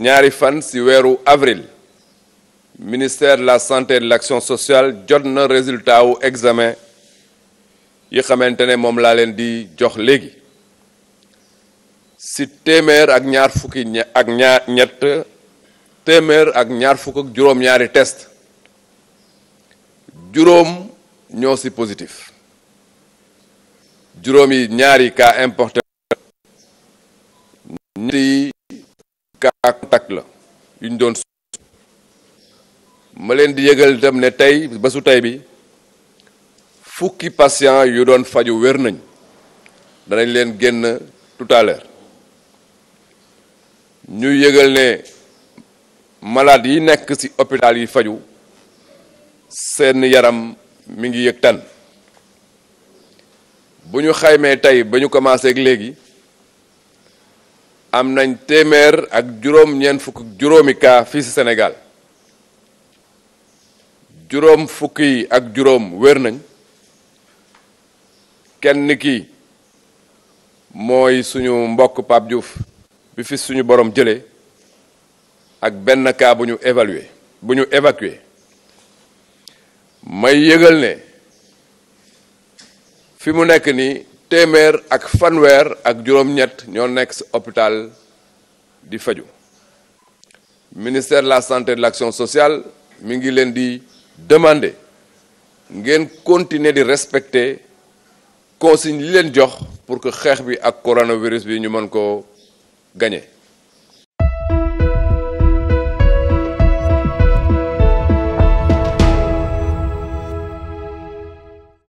ñaari fan ci wéru avril ministère de la santé et de l'action sociale jotna résultat wu examen yi xamante mom la lendi, di jox légui ci témèr ak ñaar fukki ak ñaar ñett ak ñaar ñaari test juróom ñoo ci positif juróom yi ñaari cas important ka contact la yu ñu doon ma leen di yëgal itam ne tey bésu tey bi fukki patient yu doon faju wér nañ danañ leen génn tout à l'heure ñu yëgal ne malade yi nekk ci hôpital yi faju seen yaram mi ngi yëg tan bu xaymee tey ba ñu ak léegi am nañ téeméer ak juróom ñeent fukk juróomi cas fii ci Sénégal juróom fukk yi ak juróom wér nañ kenn ki mooy suñu mbokk Pape bi fi suñu boroom jële ak benn cas bu ñu évalué bu évacué may yëgal ne fi mu nekk nii téeméer ak fanweer ak juróom-ñett ñoo nekk hôpital di Le ministère de la santé et de l'action sociale mingi ngi leen di demander ngeen continuer di respecter consigne li jox pour que xex bi ak coronavirus bi ñu mën gagner